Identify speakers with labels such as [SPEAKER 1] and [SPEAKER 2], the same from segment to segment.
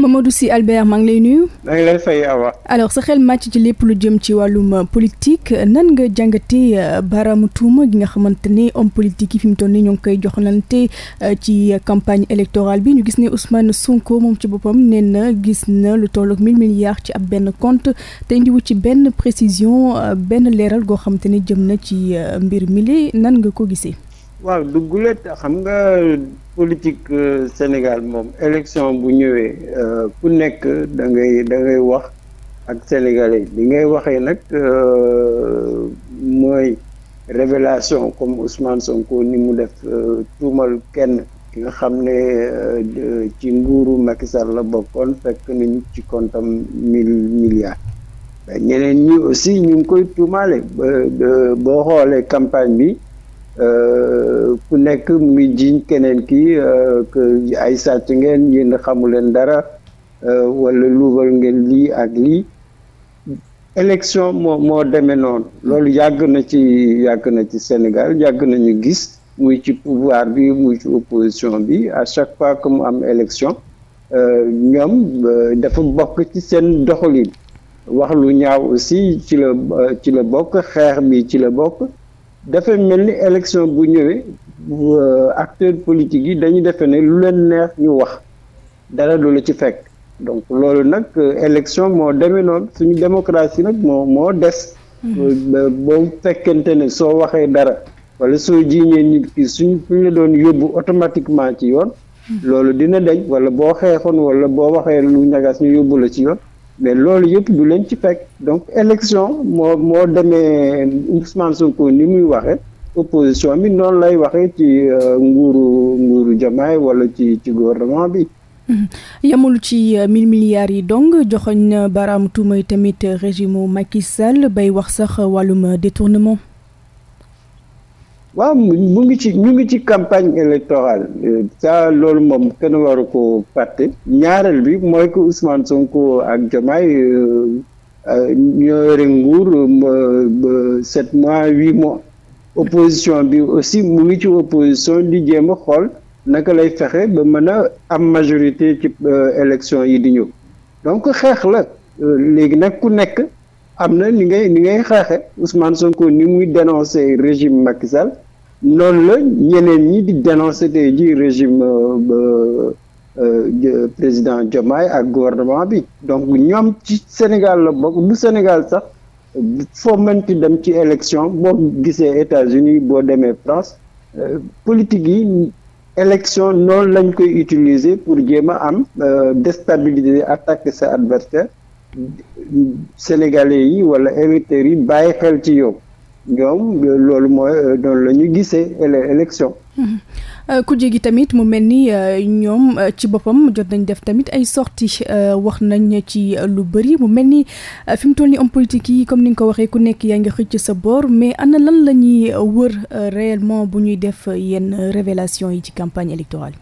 [SPEAKER 1] Mamadou Sy Albert maa ngi lay nuyu.
[SPEAKER 2] maa
[SPEAKER 1] sa xel màcc ci lépp lu jëm ci wàllum euh, politique nan nga jàngatee euh, baaraamu tuuma gi nga xamante ne homme politique yi fi mu toll nii ñoo ngi koy joxlante euh, ci campagne électorale bi ñu gis ne Ousmane sunko moom ci boppam nee na gis na lu toll ak 1000 milliards ci ab benn compte te indiwu ci benn précision benn leeral goo xamante ne jëm na ci mbir mi nan nga ko gisee.
[SPEAKER 2] waaw du gulet xam nga. politique euh, Sénégal moom élection bu ñëwee euh, ku nekk dangay ngay wax ak sénégalais li ngay waxee nag euh, mooy révélation comme Ousmane Sonko ni mu def tuumal kenn ki nga xam ne ci nguuru Macky Sall la bokkoon fekk nañu ci comptam mille milliards ñeneen ñi aussi ñu ngi koy tuumaale boo xoolee campagne bi ku nekk mu ngi jiiñ keneen kii euh, que ay sàcc ngeen yéen xamuleen dara euh, wala luubal ngeen lii ak lii élection moo moo demee noonu loolu yàgg na ci yàgg na ci senegal yàgg nañu gis muy ci pouvoir bi muy ci opposition bi à chaque fois que mu am élection euh, ñoom dafa bokk ci seen doxalin wax lu ñaaw aussi ci la ci la bokk xeex bi ci la bokk dafa mel ni élection bu ñëwee euh, acteurs politiques yi dañu defe ne lu leen neex ñu wax dara du la ci fekk donc loolu nag euh, élection moo demee noonu suñu démocratie nag moo moo des. Mm-hmm. Euh, boo fekkente ne soo waxee dara wala soo jiiñee nit ki suñ suñ la doon yóbbu automatiquement ci yoon. Mm-hmm. loolu dina deñ wala boo xeexoon wala boo waxee lu ñagas ñu yóbbu la ci yoon. mais loolu yëpp du leen ci fekk donc élection moo moo demee Ousmane Sonko ni muy waxee opposition bi noonu lay waxee ci euh, nguuru nguuru Diomaye wala ci ci gouvernement bi. Mmh.
[SPEAKER 1] yamul ci euh, mille milliards yi donc joxoñ na baaraam tuumay tamit régime Macky Sall bay wax sax wàllum détournement.
[SPEAKER 2] waaw mu ngi ci ñu ngi ci campagne électorale sa loolu moom kenn waru ko fàtte ñaareel bi mooy ko Ousmane Sonko ak Diomaye euh, euh, ñoo yore nguur euh, sept mois huit mois opposition bi aussi mu ngi ci opposition di jéem a xool naka lay fexe ba mën a am majorité ci élection yi di ñëw donc xeex la léegi nag ku nekk am na li ngay ni ngay xeexe Ousmane Sonko ni muy dénoncé régime Macky Sall noonu la ñeneen ñi di dénoncé tey ji régime euh, euh, euh, président Diomaye ak gouvernement bi donc ñoom ci Sénégal la bokk bu Sénégal sax foo mënti dem ci élection boo gisee États-Unis boo demee France politique yi élection noonu lañ koy utiliser pour jéem a am déstabiliser attaquer sa adversaire sénégalais yi wala électeurs yi bàyyi xel ci yow ñoom loolu mooy euh, noonu la ñu gisee élection
[SPEAKER 1] euh, gi tamit mu mel ni euh, ñoom ci boppam jot nañ def tamit ay sorties wax nañ ci lu bëri mu mel ni fi mu toll ni homme politique yi comme ni nga ko waxee ku nekk yaa ngi xëcc sa boor mais ana lan la ñuy wër réellement bu ñuy def yenn révélation yi ci campagne électorale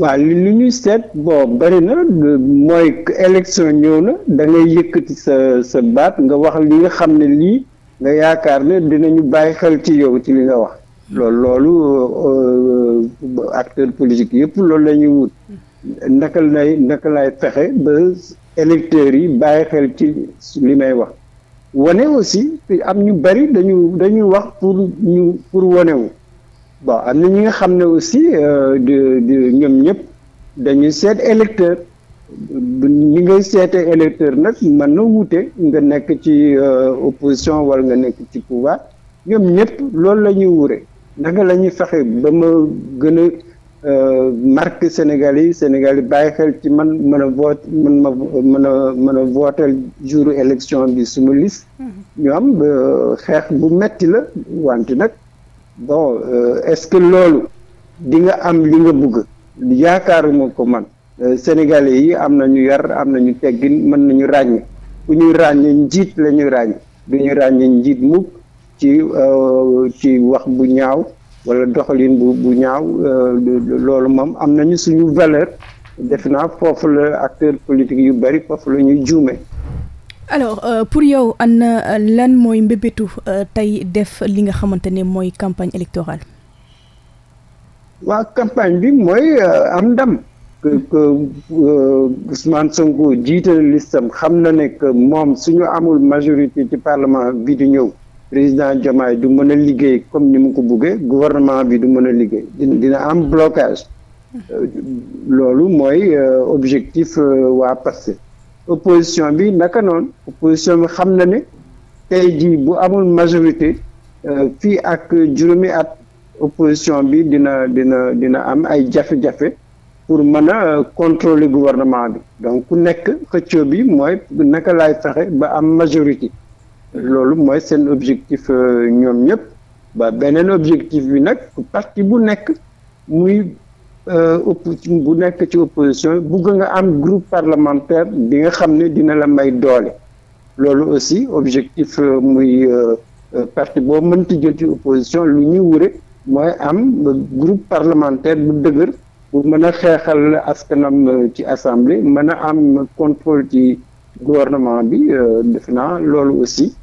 [SPEAKER 2] waaw li ñuy seet boo bëri na mooy élection ñëw na da ngay yëkkati sa sa baat nga wax li nga xam ne lii nga yaakaar ne dinañu bàyyi xel ci yow ci li nga wax loolu loolu euh, euh, acteur politique yëpp loolu la wut naka lay naka lay fexe ba électeurs yi bàyyi xel ci li may wax wane aussi am ñu bëri dañu dañuy wax pour ñu pour wane wu bon am na ñi nga xam ne aussi euh, de ñoom ñëpp dañuy seet électeur ñi ngay seete électeur nag man na wuute nga nekk ci euh, opposition wala nga nekk ci pouvoir ñoom ñëpp loolu lañuy wure naka la ñuy fexe ba ma gën a euh, marque Sénégal yi Sénégal yi bàyyi xel ci man mën a vote mën ma mën a mën a vooteel jouru élection bi suma liste ñoom mm-hmm. xeex bu metti la wante nag bon euh, est-ce que loolu di nga am li nga bëgg yaakaaruma ko man euh, sénégalais yi am nañu yar am na ñu teggin mën nañu ràññ ku ñuy ràññ njiit la ñuy ràññ du ñu ràññ njiit mukk ci euh, ci wax bu ñaaw wala doxalin bu bu ñaaw loolu moom am nañu suñu valeur def naa foofu la acteur politique yu bari foofu la ñuy juume
[SPEAKER 1] alors euh, pour yow am na lan mooy mbébétu euh, tey def li nga xamante ne mooy campagne électorale.
[SPEAKER 2] waa campagne bi mooy euh, am ndam. que que Ousmane Sonko jiite listam xam na ne que moom suñu amul majorité ci parlement bi di ñëw président Diomaye du mën a liggéey comme ni mu ko buggee gouvernement bi du mën a liggéey dina am blocage loolu mooy objectif waa Pastef opposition bi naka noon opposition bi xam na ni tey jii bu amul majorité euh, fii ak juróomi at opposition bi dina dina dina am ay jafe-jafe pour mën a euh, contrôler gouvernement bi donc ku nekk xëccoo bi mooy naka lay fexe ba am majorité loolu mooy seen objectif euh, ñoom ñëpp ba beneen objectif bi nag parti bu nekk muy Euh, bu nekk ci opposition bugg nga am groupe parlementaire bi nga xam ne dina la may doole loolu aussi objectif euh, muy euh, parti boo mënti jël ci opposition lu ñuy wure mooy am groupe parlementaire bu dëgër pour mën a xeexal askanam ci assemblée mën a am contrôle ci gouvernement bi def naa loolu aussi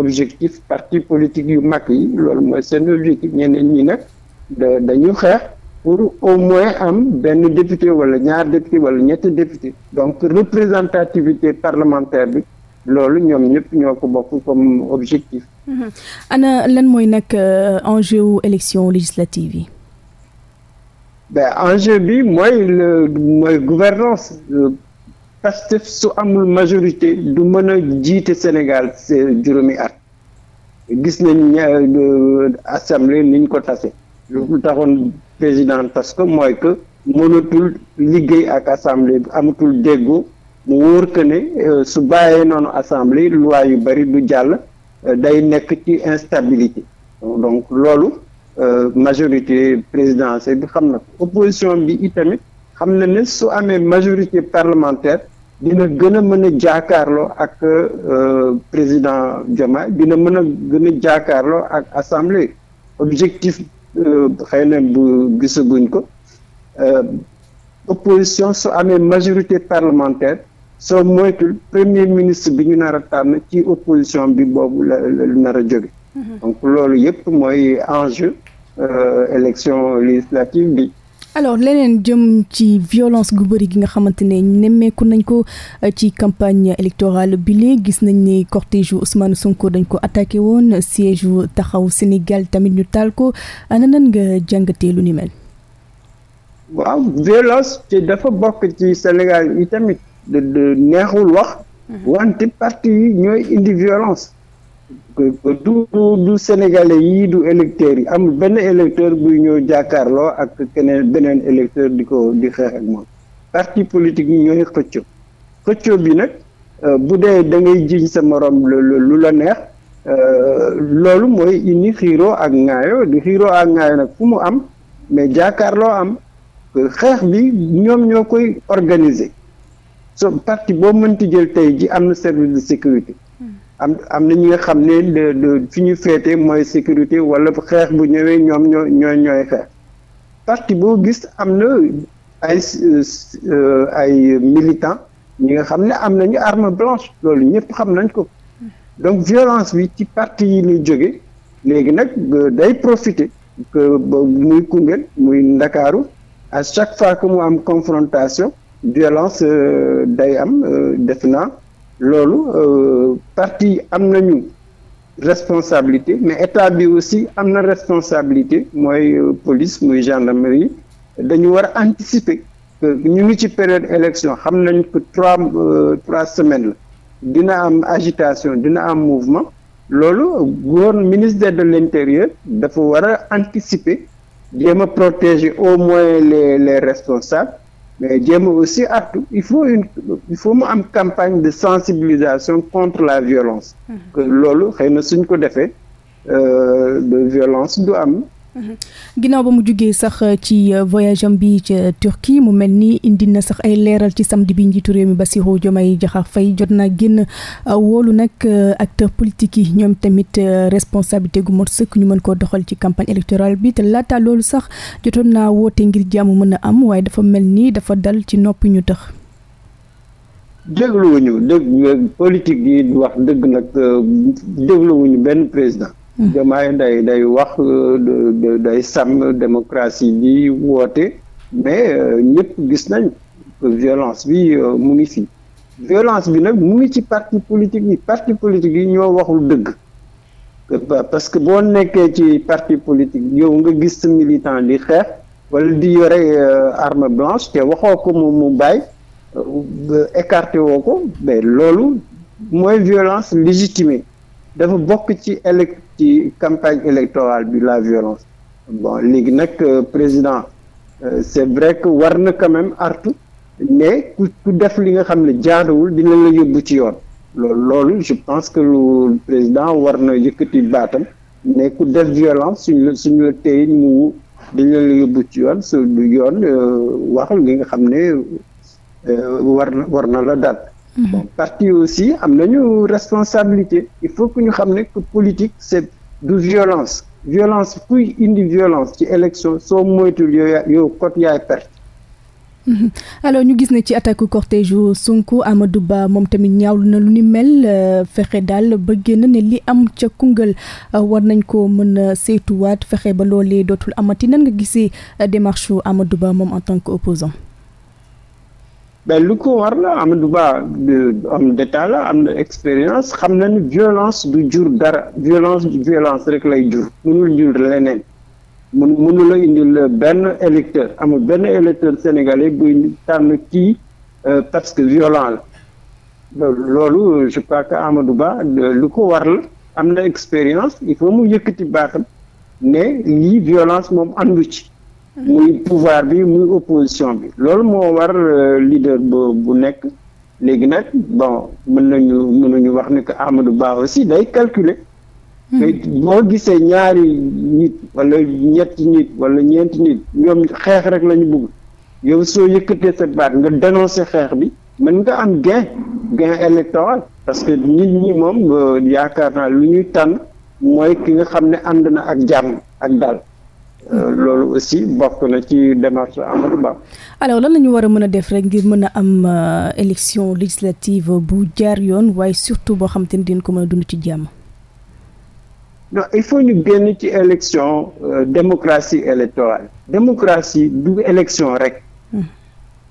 [SPEAKER 2] objectif parti politique yu mag yi loolu mooy seen objectif ñeneen ñi nag dañu xeex pour au moins am benn député wala ñaar député wala ñett député donc représentativité parlementaire bi loolu ñoom ñëpp ñoo ko bokk comme objectif.
[SPEAKER 1] Mhm. ana lan mooy nag euh, enjeu wu élection législative yi.
[SPEAKER 2] ben enjeu bi mooy le mooy gouvernance Pastef su amul majorité du mën a jiite Sénégal juróomi at gis nañ euh, assemblée niñ ko tase lu taxoon président parce que mooy que mënatul liggéey ak assemblée bi amatul déggoo mu wóor que ne euh, su bàyyee noonu assemblée loi yu bari du jàll euh, day nekk ci instabilité donc loolu euh, majorité présidentielle bi xam na ko opposition bi itamit xam na ne su amee majorité parlementaire dina gën a mën a jaakaarloo ak président joma dina mën a gën a jaakaarloo ak assemblée objectif Euh, xëy na bu gisaguñ ko euh, opposition su amee majorité parlementaire soo moytul premier ministre bi ñu nar a tànn ci opposition bi boobu la nar a jóge mhm. donc loolu yëpp mooy enjeu euh, élection législative bi
[SPEAKER 1] alors leneen jëm ci violence gu bëri gi nga xamante ne nemmeeku nañ ko euh, ci campagne électorale bi léegi gis nañ ni cortège yu Ousmane Sonko dañ ko attaqué woon siège yu taxaw Sénégal tamit ñu taal ko ana nan nga jàngatee lu ni mel.
[SPEAKER 2] waaw violence ci dafa bokk ci Sénégal yi tamit de neexul wax. Mhm. wante parti ñooy indi violence. du du sénégalais yii du électeurs yi amul benn électeur buy ñëw jàkkaarloo ak keneen beneen électeur di ko di xeex ak moom parti politique yi ñooy xëcco xëcco bi nag euh, bu dee da ngay jiñ sa morom lu la neex euh, loolu mooy indi xiiroo ak ŋaayo di xiiroo ak ŋaayo nag fu mu am mais jàkkaarloo am xeex bi ñoom ñoo koy organiser so parti boo mënti jël tey ji am na service de sécurité hmm. am am na ñi nga xam ne le le fi ñu féete mooy sécurité wala xeex bu ñëwee ñoom ñoo ñooy ñooy xeex parti boo gis am na ay euh, ay militants ñi nga xam ne am nañu arme blanche loolu ñëpp xam nañ ko donc violence bi ci partie yi ñuy jóge léegi nag euh, day profiter que muy Koungheul muy Ndakaaru à chaque fois que mu am confrontation violence euh, day am def naa loolu euh, parti am nañu responsabilité mais état bi aussi am na responsabilité mooy euh, police muy gendarmerie dañu war a anticiper ñu ngi ci période élection xam nañ que trois euh, trois semaines la dina am agitation dina am mouvement loolu góor ministère de l'intérieur dafa war a anticiper jéem a protéger au moins les les responsables mais jéem aussi artu il faut il faut mu am campagne de sensibilisation contre la violence. Mmh. que loolu xëy na suñ ko defee euh, de violence du am. Mhm.
[SPEAKER 1] ginnaaw ba mu jógee sax euh, ci euh, voyage am bi ca Turquie mu mel nii indi na sax ay leeral ci samedi bi njiitu réew mi ba Bassirou Diomaye Diakhar fay jot naa génn euh, woolu nag acteur politique yi ñoom tamit responsabilité gu mot sëkk ñu mën koo doxal ci campagne électorale bi te laata loolu sax jotoon naa woote ngir jàmm mën a am waaye dafa mel nii dafa dal ci noppi ñu tax
[SPEAKER 2] dégluwuñu dégg politique yi wax dëgg nag dégluwuñu benn président Diomaye day day wax euh, day sàmm démocratie bi woote mais euh, ñëpp gis nañ que violence bi euh, mu ngi fi violence bi nag mu ngi ci parti politique yi parti politique yi ñoo waxul dëgg parce que boo nekkee ci parti politique yow nga gis sa militant di xeex walla di yore arme blanche te waxoo ko mu mu bàyyi woo ko loolu mooy violence légitimée dafa bokk ci élec ci campagne électorale bi la violence bon léegi nag euh, président euh, c'est vrai que war na quand même artu ne ku ku def li nga xam ne jaaduwul dina la yóbbu ci yoon loolu loolu je pense que lu président war na yëkkati baatam ne ku def violence suñu la suñu la tey mu dañu la yóbbu ci yoon su du yoon euh, wax li nga xam ne war na war na la dal bon mhm. parti aussi am ñu responsabilité il faut que ñu xam ne que politique c'est du violence violence kuy indi violence ci élection soo moytul yow yow yaay perte
[SPEAKER 1] mhm. alors ñu gis ne ci attaque cortège u sunk Amadou Ba moom tamit ñaawlu na lu ni mel euh, fexe daal ba génn ne li am ca Koungheul euh, war nañ ko mën a saytuwaat fexe ba loolee dootul amati nan nga gisee euh, démarche Amadou Ba moom en tant que opposant
[SPEAKER 2] mais lu ko war la Amadou Ba homme d'état am na expérience xam na ni violence du jur dara violence du violence rek lay jur mënul jur leneen mun mënu la benn électeur amul benn électeur sénégalais buy tànn kii euh, parce que violent la loolu je crois que du Ba lu ko war la am na expérience il faut mu yëkkati baaxam ne lii violence moom àndu ci muy pouvoir bi muy opposition bi loolu moo war euh, leader bu bu nekk léegi nag bon mën nañu mën nañu wax ni que Amadou baax aussi day calculer hmm. boo gisee ñaari nit wala ñetti nit ñeenti nit ñoom xeex rek lañu bugg yow soo yëkkatee sa baat nga dénoncer xeex bi mën nga am gain gain électoral parce que nit ñi moom euh, yaakaar naa lu ñuy tànn mooy ki nga xam ne ànd na ak jàmm ak dal loolu aussi bokk na ci démarche Amadou Ba.
[SPEAKER 1] alors lan la ñu war a mën a def rek ngir mën a am euh, élection législative bu jaar yoon waaye surtout boo xam te ni dinañ ko mën a dund ci jàmm.
[SPEAKER 2] non il faut ñu génn ci élection euh, démocratie électorale démocratie du élection rek. Hmm.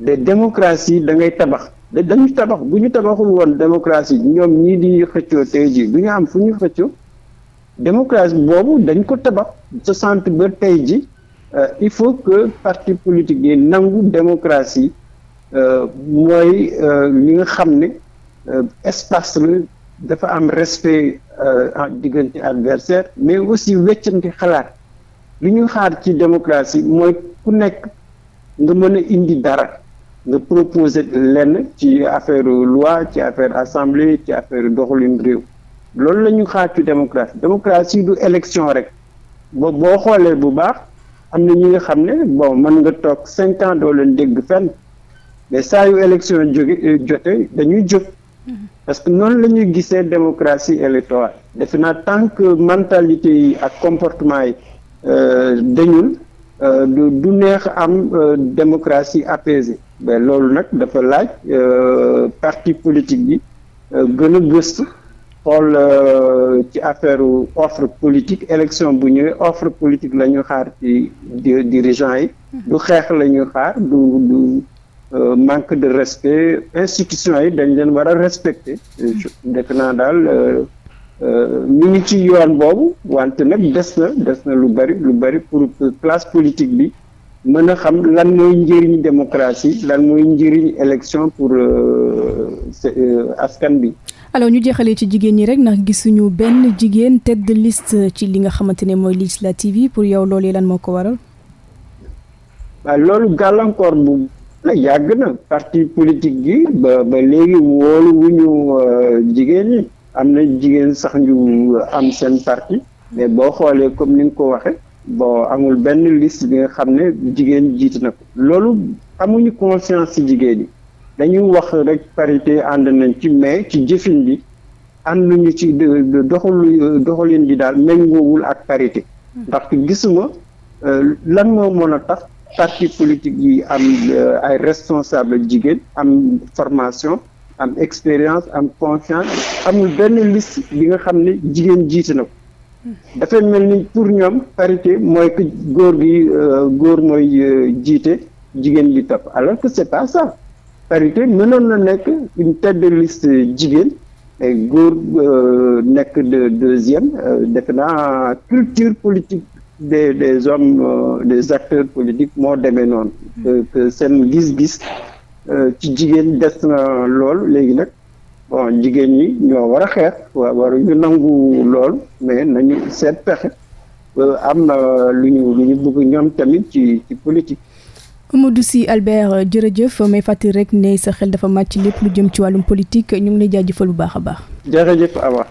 [SPEAKER 2] de démocratie da ngay tabax dañu tabax bu ñu tabaxul woon démocratie ñoom ñii di xëccoo tey jii du ñu am fu ñu xëccoo. démocratie boobu dañ ko tabax sant ba tey ji euh, il faut que partie politique yi nangu démocratie euh, mooy euh, li nga xam ne espace la dafa am respect en diggante adversaire mais aussi weccante xalaat li ñuy xaar ci démocratie mooy ku nekk nga mën a indi dara nga proposer lenn ci affaire loi ci affaire assemblée ci affaire doxalin réew loolu la ñu xaar ci démocratie démocratie du élection rek boo boo xoolee bu baax am na ñi nga xam ne bon mën nga toog cinq ans doo leen dégg fenn mais saa yu élection jóge euh, jote dañuy jóg mm-hmm. parce que noonu la ñuy gisee démocratie électorale defe naa tant que mentalité yi ak comportement yi euh, dañul euh, du neex am démocratie apaisée mais loolu nag dafa laaj parti politique bi gën a gëstu xool euh, ci affaire offre politique élection bu ñëwee offre politique la ñu xaar ci dirigeants yi mm-hmm. du xeex la ñu xaar du du euh, manque de respect institutions yi dañ leen war a respecter mm-hmm. def naa daal ñu euh, ngi ci yoon boobu wante nag des na des na lu bari lu bari pour classe politique bi mën a xam lan mooy njëriñ démocratie lan mooy njëriñ élection pour askan bi
[SPEAKER 1] alors ñu jeexalee ci jigéen ñi rek ndax gisuñu benn jigéen tête de ci li nga xamante ne mooy législative yi pour yow loolu lan moo ko
[SPEAKER 2] waral. waaw loolu gàllankoor bu la yàgg na parti politique bi ba ba léegi wóolu ñu euh, jigéen ñi am na jigéen sax ñu am seen parti mais boo xoolee comme ni nga ko waxee boo amul benn liste bi nga xam ne jigéen jiit na ko loolu amuñu conscience ci jigéen yi. dañu wax rek parité ànd nañ ci mais ci jëfin bi ànd nañu ci doxalu doxalin bi daal méngoowul ak parité ndaxte hmm. gisuma euh, lan moo mën a tax parti politique yi am euh, ay responsable jigéen am formation am expérience am confiance amul benn liste bi nga xam ne jigéen jiite na ko hmm. dafay mel ni pour ñoom parité mooy que góor gi euh, góor mooy jiite jigéen bi topp alors que c'est pas ça parité mënoon na nekk une tête de liste jigéen góor euh, nekk de deuxième euh, def naa culture politique des des hommes euh, des acteurs politiques moo demee noonu mm. seen gis-gis ci jigéen des na lool léegi nag bon jigéen ñi ñoo war a xeex waaw waru ñu nangu lool mais nañu seet pexe am na lu ñu lu ñu bëgg ñoom tamit ci ci politique
[SPEAKER 1] Mamadou Sy Albert euh, jërëjëf may fàttali rek ne sa xel dafa màcc lépp lu jëm ci wàllum politique ñu ngi lay jaajëfal bu baax a
[SPEAKER 2] baax.